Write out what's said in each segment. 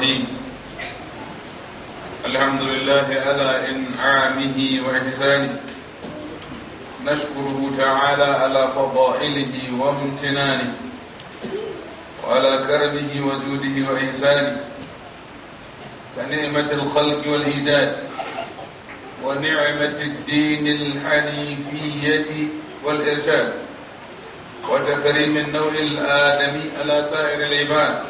الرحيم الحمد لله على إنعامه وإحسانه نشكره تعالى على فضائله وامتنانه وعلى كرمه وجوده وإحسانه كنعمة الخلق والإيجاد ونعمة الدين الحنيفية والإرشاد وتكريم النوع الآدمي على سائر العباد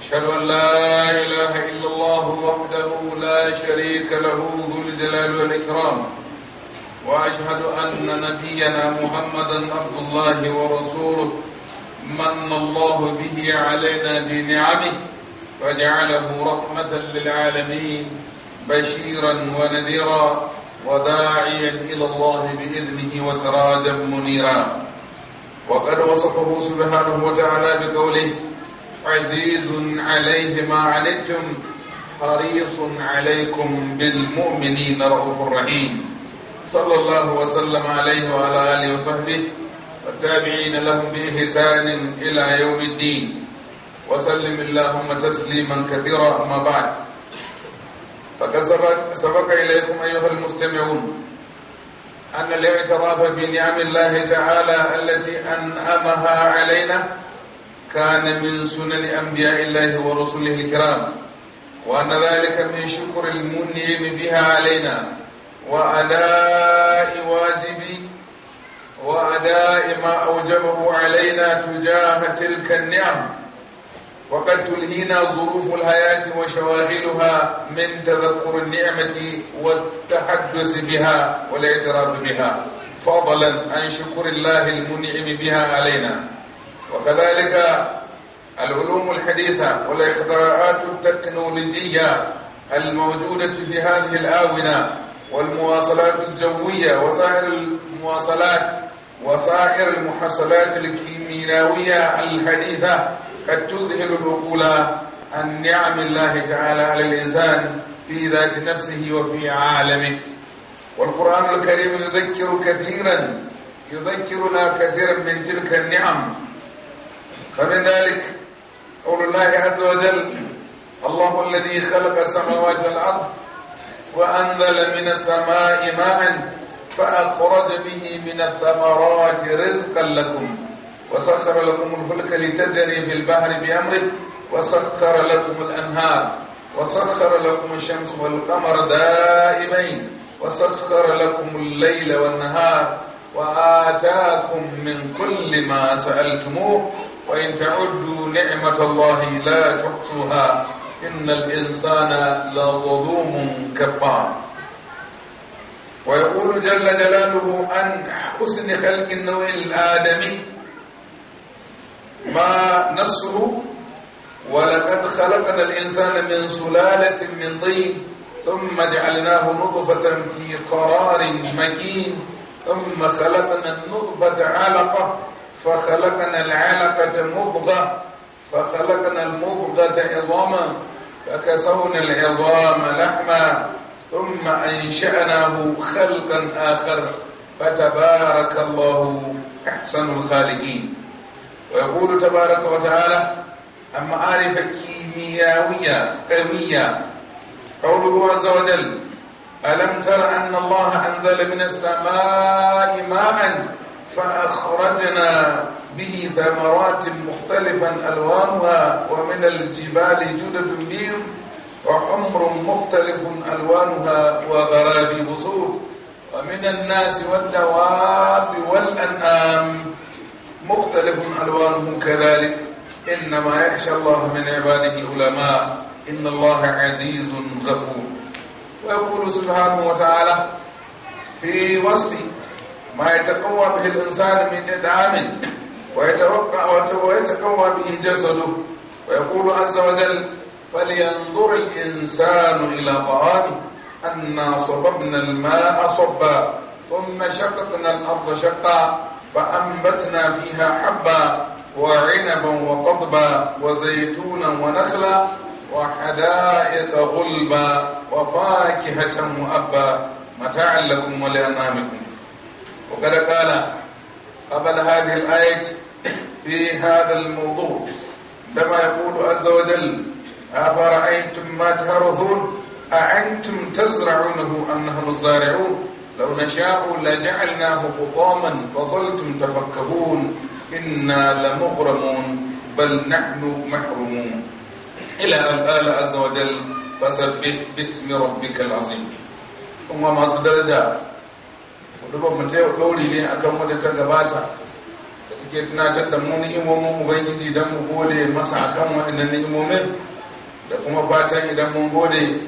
أشهد أن لا إله إلا الله وحده لا شريك له ذو الجلال والإكرام وأشهد أن نبينا محمدا عبد الله ورسوله من الله به علينا بنعمه فجعله رحمة للعالمين بشيرا ونذيرا وداعيا إلى الله بإذنه وسراجا منيرا وقد وصفه سبحانه وتعالى بقوله عزيز عليه ما عنتم حريص عليكم بالمؤمنين رؤوف رحيم صلى الله وسلم عليه وعلى آله وصحبه والتابعين لهم بإحسان إلى يوم الدين وسلم اللهم تسليما كثيرا أما بعد فقد سبق إليكم أيها المستمعون أن الاعتراف بنعم الله تعالى التي أنعمها علينا كان من سنن أنبياء الله ورسله الكرام وأن ذلك من شكر المنعم بها علينا وأداء واجب وأداء ما أوجبه علينا تجاه تلك النعم وقد تلهينا ظروف الحياة وشواغلها من تذكر النعمة والتحدث بها والاعتراف بها فضلا عن شكر الله المنعم بها علينا وكذلك العلوم الحديثة والإخضاءات التكنولوجية الموجودة في هذه الآونة والمواصلات الجوية وسائر المواصلات وسائر المحصلات الكيميائية الحديثة قد تذهل العقول عن نعم الله تعالى على الإنسان في ذات نفسه وفي عالمه والقرآن الكريم يذكر كثيرا يذكرنا كثيرا من تلك النعم فمن ذلك قول الله عز وجل الله الذي خلق السماوات والأرض وأنزل من السماء ماء فأخرج به من الثمرات رزقا لكم وسخر لكم الفلك لتجري في البحر بأمره وسخر لكم الأنهار وسخر لكم الشمس والقمر دائمين وسخر لكم الليل والنهار وآتاكم من كل ما سألتموه وإن تعدوا نعمة الله لا تحصوها إن الإنسان لظلوم كفار ويقول جل جلاله عن حسن خلق النوع الآدمي ما نصه ولقد خلقنا الإنسان من سلالة من طين ثم جعلناه نطفة في قرار مكين ثم خلقنا النطفة علقة فخلقنا العلقة مضغة فخلقنا المضغة عظاما فكسونا العظام لحما ثم أنشأناه خلقا آخر فتبارك الله أحسن الخالقين ويقول تبارك وتعالى أما معارف كيمياوية قوية قوله عز وجل ألم تر أن الله أنزل من السماء ماءً فأخرجنا به ثمرات مختلفا ألوانها ومن الجبال جدد بيض وحمر مختلف ألوانها وغرابيب بسود ومن الناس والدواب والأنعام مختلف ألوانه كذلك إنما يخشى الله من عباده العلماء إن الله عزيز غفور ويقول سبحانه وتعالى في وصفه ما يتقوى به الإنسان من إدعام ويتوقع ويتقوى به جسده ويقول عز وجل فلينظر الإنسان إلى طعامه أنا صببنا الماء صبا ثم شققنا الأرض شقا فأنبتنا فيها حبا وعنبا وقضبا وزيتونا ونخلا وحدائق غلبا وفاكهة مؤبا متاعا لكم ولأنامكم وقد قال قبل هذه الآية في هذا الموضوع عندما يقول عز وجل أفرأيتم ما تهرثون أأنتم تزرعونه أم نحن الزارعون لو نشاء لجعلناه حطاما فظلتم تفكهون إنا لمغرمون بل نحن محرومون إلى أن قال عز وجل فسبح باسم ربك العظيم ثم ما درجة hudubar mu taiwa ɗori ne akan wadda ta gabata da take tunatar da mu ni'imomin ubangiji don mu gode masa akan waɗannan ni'imomin da kuma fatan idan mun gode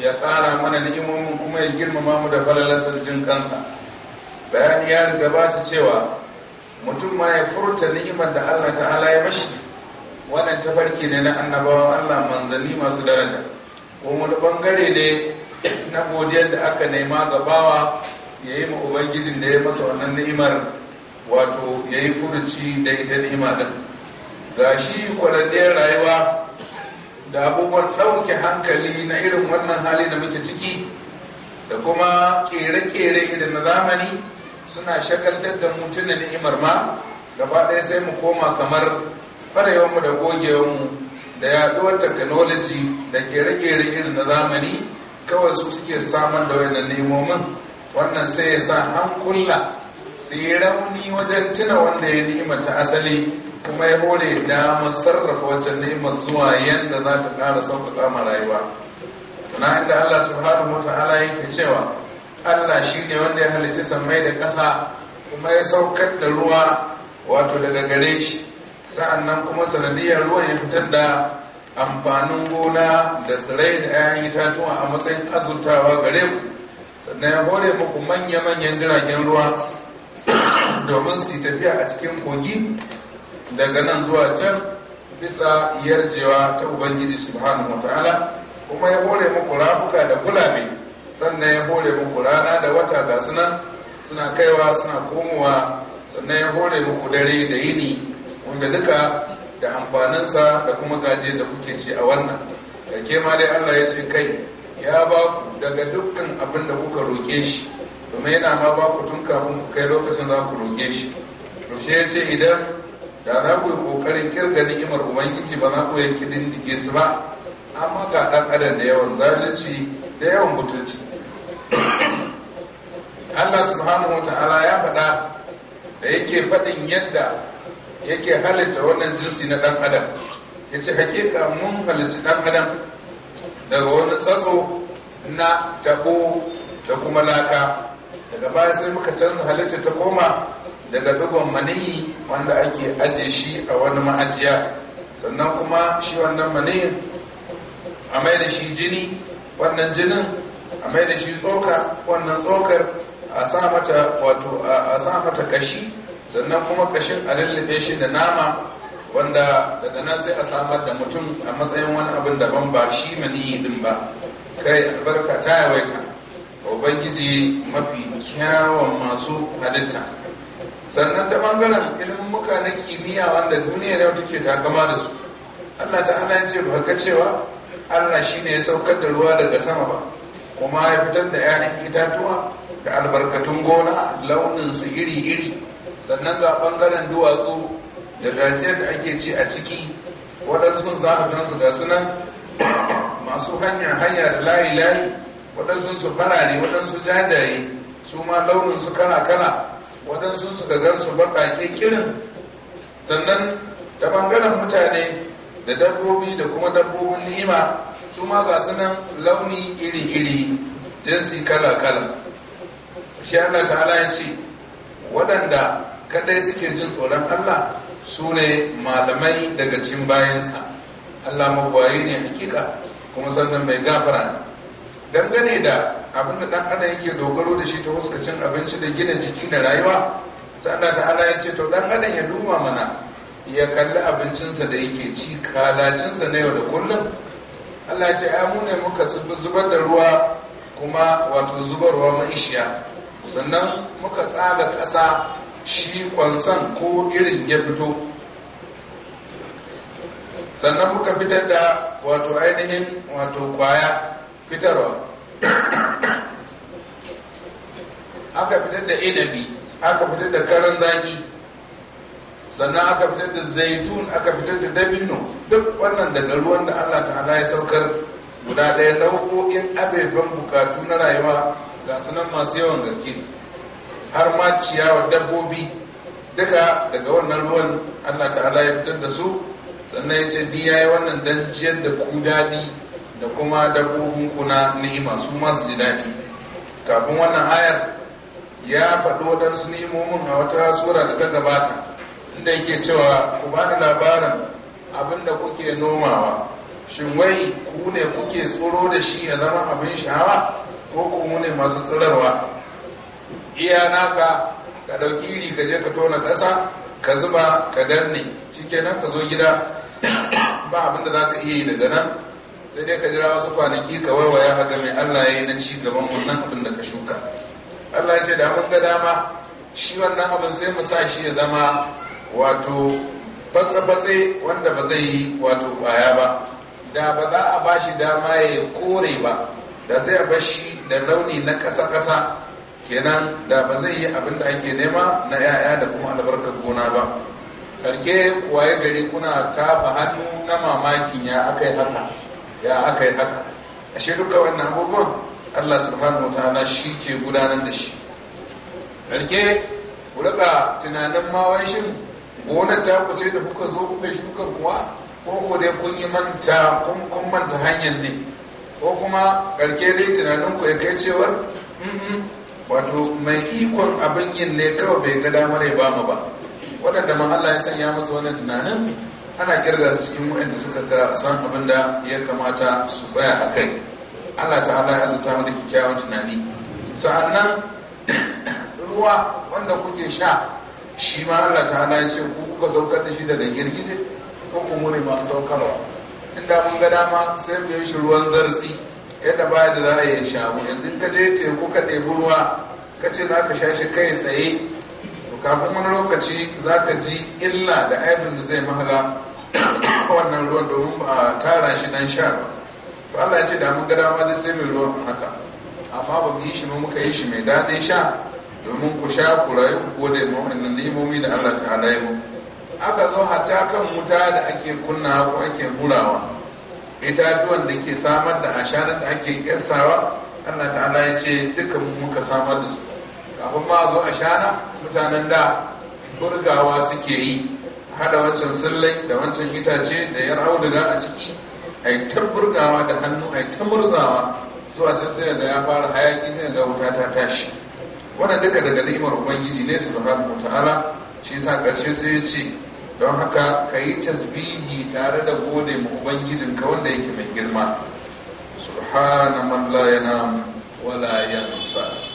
ya ƙara mana ni'imomin kuma ya girmama mu da falalar sarjin kansa bayani ya gabata cewa mutum ma ya furta ni'imar da allah ta'ala ya mashi wannan tafarki ne na annabawa allah manzanni masu daraja ko wani bangare ne na godiyar da aka nema ga bawa ya yi ma ubangijin da ya masa wannan ni'imar wato ya yi furuci da ita ni'ima din ga shi rayuwa da abubuwan ɗauke hankali na irin wannan hali da muke ciki da kuma kere-kere irin na zamani suna shakaltar da mutum mutunan ni'imar ma gaba ɗaya sai mu koma kamar mu da gogewanmu da yaɗuwar technology da kere-kere irin na zamani kawai su suke samar da wayannan ni'imomin. wannan sai ya sa an kulla su yi rauni wajen tuna wanda ya ni'imata ta asali kuma ya hore da masarrafa wancan ni'imar zuwa yadda za ta kara sauƙaƙa ma rayuwa tuna inda allah subhanahu wa ta'ala yake cewa allah shi ne wanda ya halicci sammai da ƙasa kuma ya saukar da ruwa wato daga gare shi sa'annan kuma sanadiyar ruwan ya fitar da amfanin gona da tsirai da 'ya'yan itatuwa a matsayin azurtawa gare mu sannan ya hore muku manya-manyan jiragen ruwa domin su tafiya a cikin kogi daga nan zuwa can bisa yarjewa ta ubangiji subhanahu wa ta'ala. kuma ya hore muku rafuka da gulabe sannan ya hore muku rana da wata ga suna suna kaiwa suna komowa sannan ya hore muku dare da yini wanda duka da amfaninsa da kuma gaje da kuke ci a wannan karke ma dai allah ya ce kai ya ba ku daga dukkan abin da kuka roƙe shi domin yana ma ba ku tun kafin ku kai lokacin za ku roƙe shi to sai ya ce idan da na ku yi ƙoƙarin kirga ni'imar ubangiji ba na ku yanki dindige su ba amma ga ɗan adam da yawan zalunci da yawan mutunci Allah subhanahu wa ya faɗa da yake faɗin yadda yake halitta wannan jinsi na ɗan adam ya ce hakika mun halitta ɗan adam daga wani tsatso na tabo da kuma laka daga baya sai muka canza halitta ta koma daga dugon maniyi wanda ake aje shi a wani ma'ajiya sannan kuma shi wannan maniyin a mai da shi jini wannan jinin a mai da shi tsoka wannan tsokar a sa mata wato a sa kashi sannan kuma kashin a lullube shi da nama wanda daga nan sai a samar da mutum a matsayin wani abin daban ba shi maniyi din ba kai albarka ta yawaita ubangiji mafi kyawun masu halitta sannan ta bangaren ilimin muka na kimiyya wanda duniyar yau take takama da su allah ta hana ce ba ga cewa allah shine ya saukar da ruwa daga sama ba kuma ya fitar da 'ya'yan itatuwa da albarkatun gona launin su iri-iri sannan ga bangaren duwatsu da gajiyar da ake ci a ciki waɗansu za a gansu ga sunan masu hanya hanya da layi layi waɗansu su farare waɗansu jajaye su ma launin su kala kala waɗansu su ga gansu baƙaƙe kirin sannan ta ɓangaren mutane da dabbobi da kuma dabbobin ni'ima su ma ga sunan launi iri-iri jinsi kala-kala shi Allah ta'ala ya ce waɗanda kaɗai suke jin tsoron Allah su ne malamai daga cin bayansa Allah magwayi ne hakika kuma sannan mai gafara ne dangane da abin da dan adam yake dogaro da shi ta huska cin abinci da gina jiki da rayuwa sannan ala ya ce to dan adam ya duma mana ya kalli abincinsa da yake ci kalacinsa na yau da kullum Allah ce ya mune ne muka zubar da ruwa kuma wato zubarwa ma'ishiya sannan muka tsaga ƙasa shi kwansan ko irin ya fito sannan muka fitar da wato ainihin wato kwaya fitarwa aka fitar da inabi aka fitar da karan zaki sannan aka fitar da zaitun aka fitar da dabino duk wannan daga ruwan da allah ta'ala ya saukar guda ɗaya nau'o'in ababen bukatu na rayuwa ga sunan masu yawan gaske har ma ciyawar dabbobi duka daga wannan ruwan allah ta'ala ya fitar da su sannan ya ce ya yi wannan danjiyar jiyar da ku daɗi da kuma dabbobinku na ni'ima su masu ji daɗi kafin wannan hayar ya faɗo faɗi waɗansu min a wata sura da ta gabata inda yake cewa ku ba bani labarin abinda kuke nomawa shin wai ku ne kuke tsoro da shi ya zama abin sha'awa ko ku mu ne masu tsirarwa iya naka ka ɗauki iri ka je ka tona ƙasa ka zuba ka danne kenan ka zo gida ba abin da za ka iya yi daga nan sai dai ka jira wasu kwanaki ka warware a game allah ya yi na ci gaban wannan abin da ka shuka allah ya ce da mun ga dama shi wannan abin sai mu sa shi ya zama wato batsa-batsa wanda ba zai yi wato kwaya ba da ba za a ba shi dama ya kore ba da sai a shi da launi na ƙasa-ƙasa kenan da ba zai yi abin da ake nema na 'ya'ya da kuma albarkar gona ba karke kuwaye gari kuna tafa hannu na mamakin ya aka yi haka ya aka yi haka ashe duka wannan abubuwan allah subhanahu wa ta'ala shi ke gudanar da shi karke ku rika tunanin mawai gona ta ku da kuka zo kuka shuka kuwa ko ko dai kun yi manta kun manta hanyar ne ko kuma karke dai tunanin ku ya kai cewar wato mai ikon abin yin ne kawai bai ga damar ya ba mu ba waɗanda ma Allah ya sanya masa wannan tunanin ana kirga su cikin waɗanda suka ga san abin da ya kamata su tsaya a kai Allah ta'ala ya zata mu da kyakkyawan tunani sa'annan ruwa wanda kuke sha shi ma Allah ta'ala ya ce ku kuka saukar da shi daga girgije ko kuma ne masu saukarwa inda mun ga dama sai mu yi shi ruwan zarsi yadda baya da za a yi sha mu yanzu ka je teku ka ɗebi ruwa ka ce za ka sha shi kai tsaye kafin wani lokaci za ka ji illa da aibin da zai mahala wannan ruwan domin ba a tara shi nan sha ba Ba Allah ya ce da mun ga dama da sai mai ruwan haka amma ba mu yi shi muka yi shi mai daɗin sha domin ku sha ku rayu ku gode ma wannan ni'imomi da Allah ta'ala ya aka zo hatta kan wuta da ake kunna ko ake ita itatuwan da ke samar da asharar da ake kessawa Allah ta'ala ya ce duka muka samar da su kafin ma zo a shana mutanen da burgawa suke yi hada wancan sallai da wancan itace da yar auduga a ciki a yi ta burgawa da hannu a yi ta murzawa zuwa can sai da ya fara hayaki sai da wuta ta tashi wannan duka daga ni'imar ubangiji ne subhanahu ta'ala shi yasa karshe sai ya ce don haka ka yi tasbihi tare da gode ma ubangijin ka wanda yake mai girma subhana man la yanam wala yansa